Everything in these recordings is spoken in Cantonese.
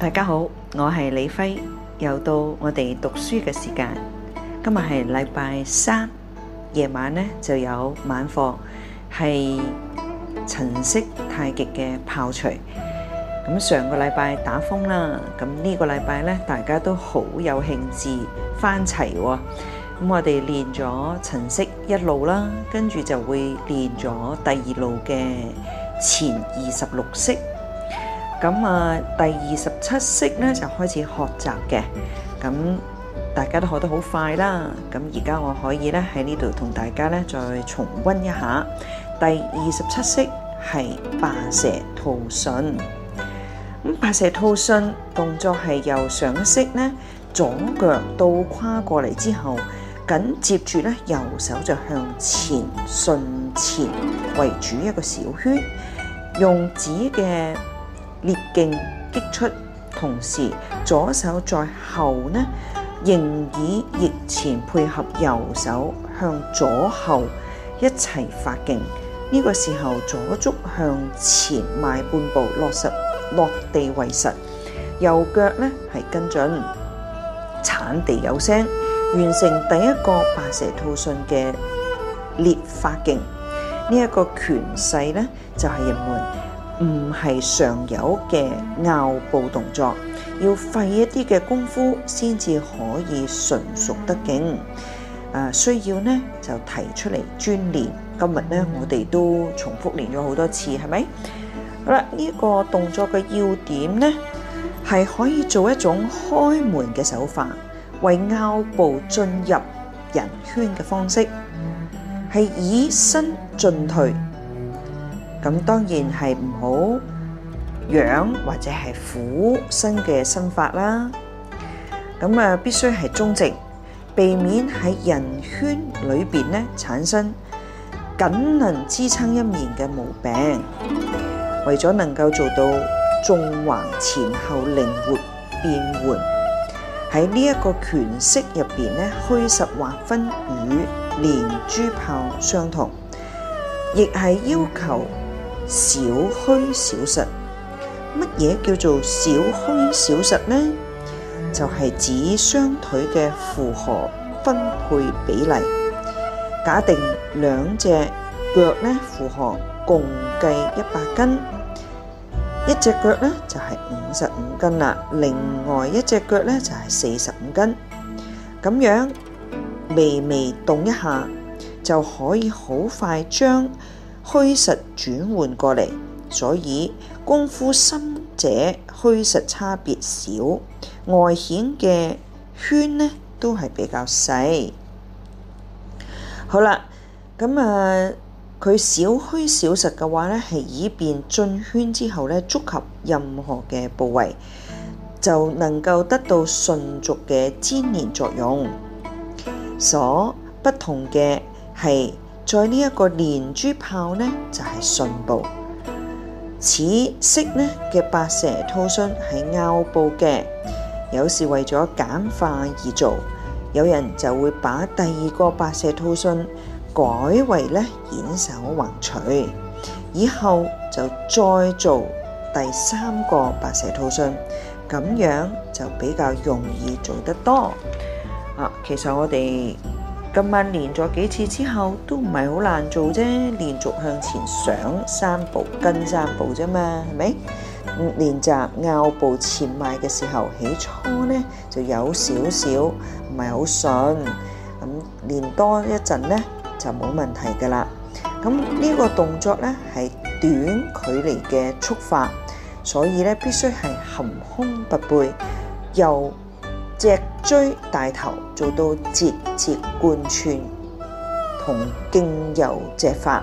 大家好，我係李輝，又到我哋讀書嘅時間。今日係禮拜三夜晚咧，就有晚課係陳式太極嘅炮捶。咁上個禮拜打風啦，咁呢個禮拜咧，大家都好有興致翻齊、哦。咁我哋練咗陳式一路啦，跟住就會練咗第二路嘅前二十六式。咁啊，第二十七式咧就開始學習嘅。咁大家都學得好快啦。咁而家我可以咧喺呢度同大家咧再重溫一下。第二十七式係白蛇吐信。咁白蛇吐信動作係由上一式咧左腳到跨過嚟之後，緊接住咧右手就向前順前為主一個小圈，用指嘅。裂勁擊出，同時左手在後呢，仍以腋前配合右手向左後一齊發勁。呢個時候左足向前邁半步，落實落地為實，右腳呢係跟準，鏟地有聲，完成第一個白蛇吐信嘅裂發勁。呢一個拳勢呢就係入門，唔係常有嘅拗步動作，要費一啲嘅功夫先至可以純熟得勁。誒，需要呢就提出嚟專練。今日呢，我哋都重複練咗好多次，係咪？好啦，呢個動作嘅要點呢，係可以做一種開門嘅手法，為拗步進入人圈嘅方式，係以身進退。咁當然係唔好養或者係苦身嘅身法啦。咁啊必須係中正，避免喺人圈裏邊咧產生僅能支撐一面嘅毛病。為咗能夠做到縱橫前後靈活變換，喺呢一個拳式入邊咧虛實劃分與連珠炮相同，亦係要求。小虛小實，乜嘢叫做小虛小實呢？就係指雙腿嘅負荷分配比例。假定兩隻腳呢，負荷共計一百斤，一隻腳呢就係五十五斤啦，另外一隻腳呢就係四十五斤。咁樣微微動一下，就可以好快將。虛實轉換過嚟，所以功夫深者虛實差別少，外顯嘅圈呢都係比較細。好啦，咁啊，佢少虛少實嘅話咧，係以便進圈之後呢觸及任何嘅部位，就能夠得到順續嘅粘連作用。所不同嘅係。再呢一個連珠炮呢，就係、是、順步，此式呢嘅白蛇吐信係拗步嘅，有時為咗簡化而做，有人就會把第二個白蛇吐信改為呢掩手橫捶，以後就再做第三個白蛇吐信，咁樣就比較容易做得多啊。其實我哋今晚練咗幾次之後，都唔係好難做啫。連續向前上三步跟三步啫嘛，係咪？練習拗步前邁嘅時候，起初呢就有少少唔係好順，咁練多一陣呢就冇問題噶啦。咁呢個動作呢係短距離嘅觸發，所以呢必須係含胸拔背，又，脊椎大頭做到節節貫穿同勁由脊發，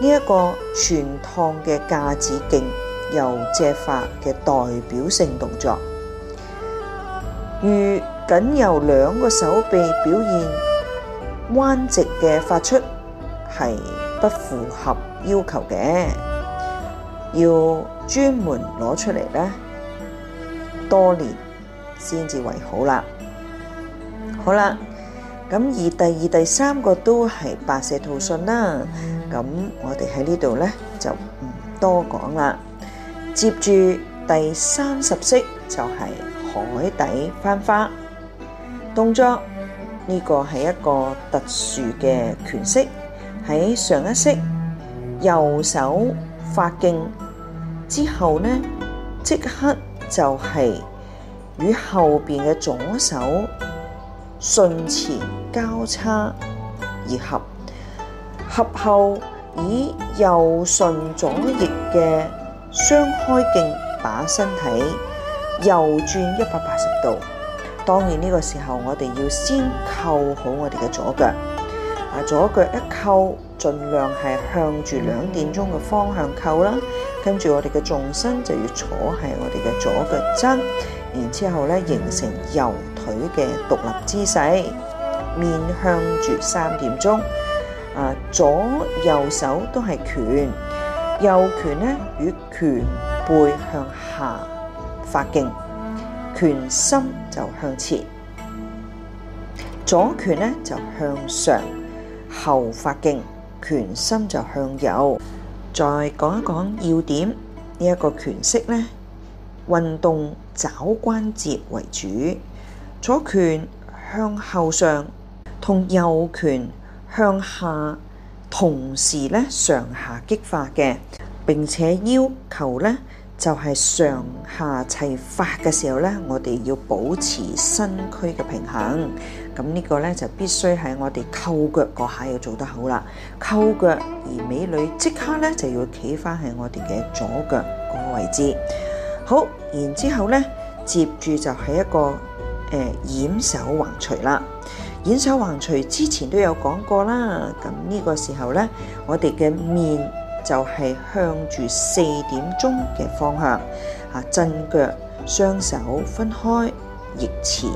呢一個全趟嘅架子勁由脊發嘅代表性動作，如僅有兩個手臂表現彎直嘅發出係不符合要求嘅，要專門攞出嚟咧，多練。先至為好啦，好啦，咁而第二、第三個都係白蛇吐信啦，咁我哋喺呢度呢就唔多講啦。接住第三十式就係海底翻花動作，呢個係一個特殊嘅拳式，喺上一式右手發勁之後呢，即刻就係。與後邊嘅左手順前交叉而合，合後以右順左逆嘅雙開勁把身體右轉一百八十度。當然呢個時候我哋要先扣好我哋嘅左腳，啊，左腳一扣盡量係向住兩點鐘嘅方向扣啦。跟住我哋嘅重心就要坐喺我哋嘅左腳踭。然之後咧，形成右腿嘅獨立姿勢，面向住三點鐘。啊，左右手都係拳，右拳咧與拳背向下發勁，拳心就向前；左拳咧就向上後發勁，拳心就向右。再講一講要點呢，一個拳式咧，運動。找關節為主，左拳向後上，同右拳向下，同時咧上下激發嘅。並且要求咧就係上下齊發嘅時候咧，我哋要保持身軀嘅平衡。咁呢個咧就必須喺我哋扣腳嗰下要做得好啦。扣腳而美女即刻咧就要企返喺我哋嘅左腳個位置。好，然之後咧，接住就係一個誒掩手橫捶啦。掩手橫捶之前都有講過啦，咁呢個時候咧，我哋嘅面就係向住四點鐘嘅方向，啊，震腳，雙手分開，逆前，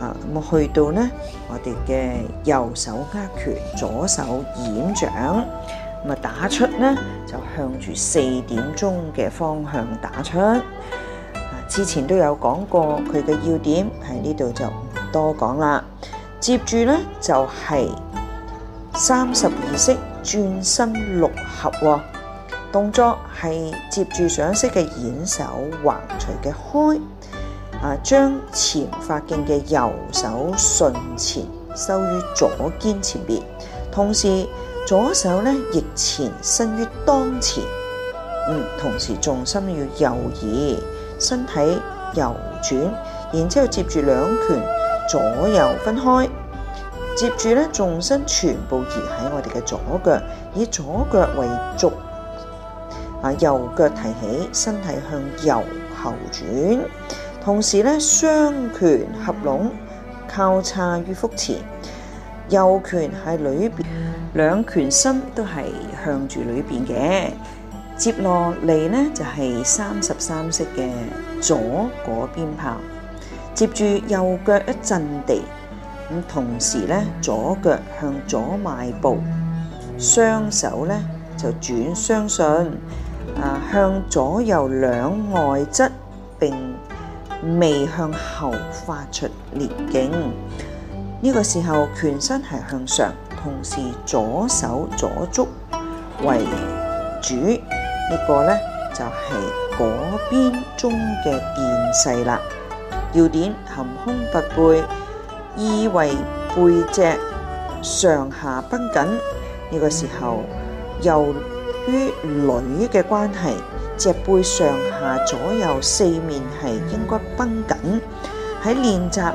啊，咁我去到咧，我哋嘅右手握拳，左手掩掌。打出呢，就向住四點鐘嘅方向打出。之前都有講過佢嘅要點，喺呢度就唔多講啦。接住呢，就係三十二式轉身六合，動作係接住上式嘅掩手橫捶嘅開。啊，將前發勁嘅右手順前收於左肩前邊，同時。左手咧亦前伸於當前，嗯，同時重心要右移，身體右轉，然之後接住兩拳左右分開，接住咧重心全部移喺我哋嘅左腳，以左腳為軸，啊，右腳提起，身體向右後轉，同時咧雙拳合攏，交叉於腹前，右拳喺裏邊。兩拳心都係向住裏邊嘅，接落嚟呢就係三十三式嘅左嗰邊炮，接住右腳一震地，同時呢，左腳向左邁步，雙手呢就轉雙順，啊向左右兩外側並未向後發出裂勁，呢個時候拳身係向上。同時左手左足為主，呢個呢就係嗰邊中嘅變勢啦。要點含胸拔背，意為背脊上下繃緊。呢個時候，由於女嘅關係，脊背上下左右四面係應該繃緊。喺練習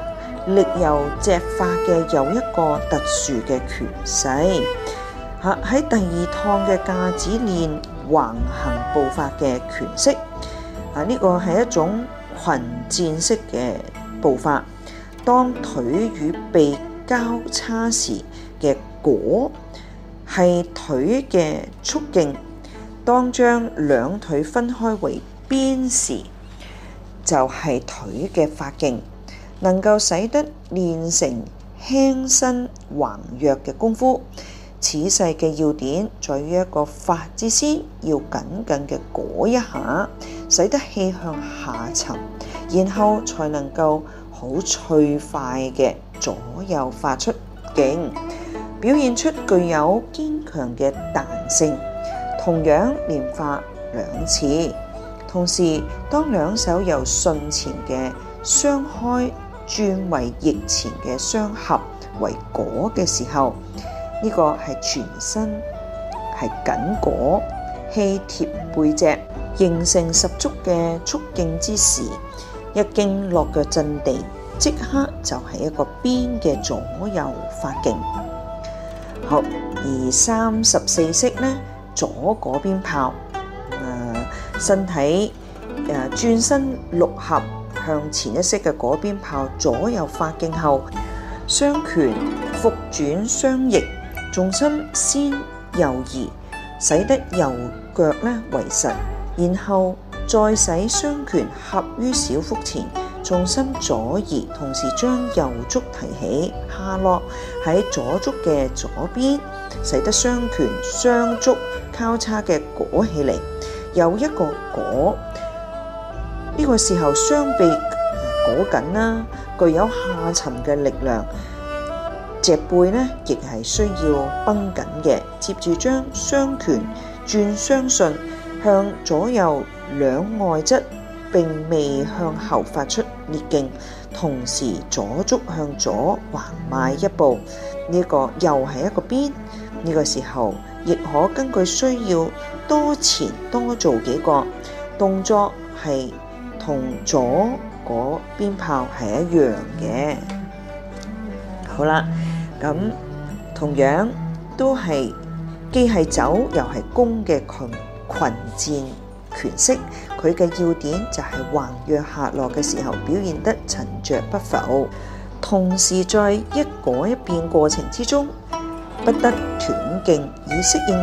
力由脊發嘅又一個特殊嘅拳勢，吓喺第二趟嘅架子練橫行步法嘅拳式，啊呢、這個係一種群戰式嘅步法。當腿與臂交叉時嘅果係腿嘅速勁，當將兩腿分開為邊時，就係、是、腿嘅發勁。能夠使得練成輕身橫躍嘅功夫，此勢嘅要點在於一個發之先要緊緊嘅裹一下，使得氣向下沉，然後才能夠好脆快嘅左右發出勁，表現出具有堅強嘅彈性。同樣連發兩次，同時當兩手由順前嘅雙開。轉為逆前嘅雙合為果嘅時候，呢個係全身係緊果氣貼背脊，形成十足嘅觸勁之時，一經落腳陣地，即刻就係一個邊嘅左右發勁。好，而三十四式呢，左果邊炮，誒身體誒轉身六合，向前一式嘅果邊炮，左右發勁後，雙拳復轉雙翼，重心先右移，使得右腳呢為實，然後再使雙拳合於小腹前，重心左移，同時將右足提起下落喺左足嘅左邊，使得雙拳雙足交叉嘅果起嚟，有一個果。呢個時候雙臂裹緊啦，具有下沉嘅力量。脊背呢亦係需要繃緊嘅。接住將雙拳轉雙順向左右兩外側，並未向後發出挒勁，同時左足向左橫邁一步。呢個又係一個邊。呢個時候亦可根據需要多前多做幾個動作係。同左嗰邊炮係一樣嘅，好啦，咁同樣都係既係走又係攻嘅群群戰拳式，佢嘅要點就係橫躍下落嘅時候表現得沉著不浮，同時在一改一變過程之中不得斷勁，以適應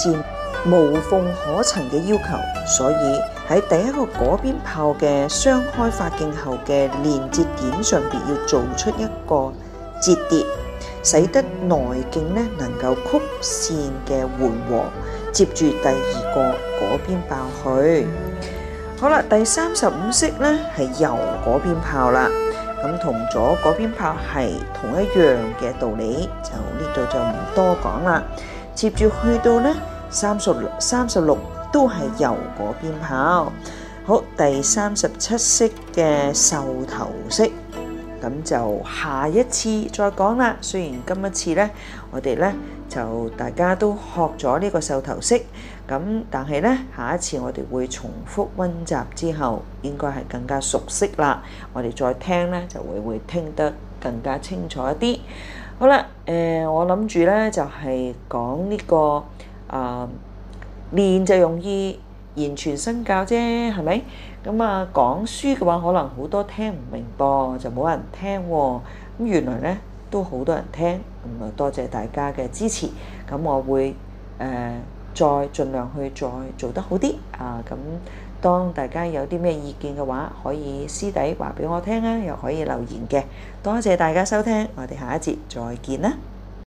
群戰無縫可尋嘅要求，所以。喺第一個嗰邊炮嘅雙開發徑後嘅連接點上邊，要做出一個折疊，使得內徑咧能夠曲線嘅緩和，接住第二個嗰邊炮去。好啦，第三十五式咧係右嗰邊炮啦，咁同左嗰邊炮係同一樣嘅道理，就呢度就唔多講啦。接住去到咧三十六，三十六。都係由嗰邊跑。好，第三十七式嘅獸頭式，咁就下一次再講啦。雖然今一次咧，我哋咧就大家都學咗呢個獸頭式，咁但係咧下一次我哋會重複溫習之後，應該係更加熟悉啦。我哋再聽咧，就會會聽得更加清楚一啲。好啦，誒，我諗住咧就係講呢個啊。練就容易言傳身教啫，係咪？咁啊講書嘅話，可能好多聽唔明噃，就冇人聽喎、哦。咁原來咧都好多人聽，咁、嗯、啊多謝大家嘅支持。咁我會誒、呃、再盡量去再做得好啲啊！咁當大家有啲咩意見嘅話，可以私底話畀我聽啊，又可以留言嘅。多謝大家收聽，我哋下一節再見啦！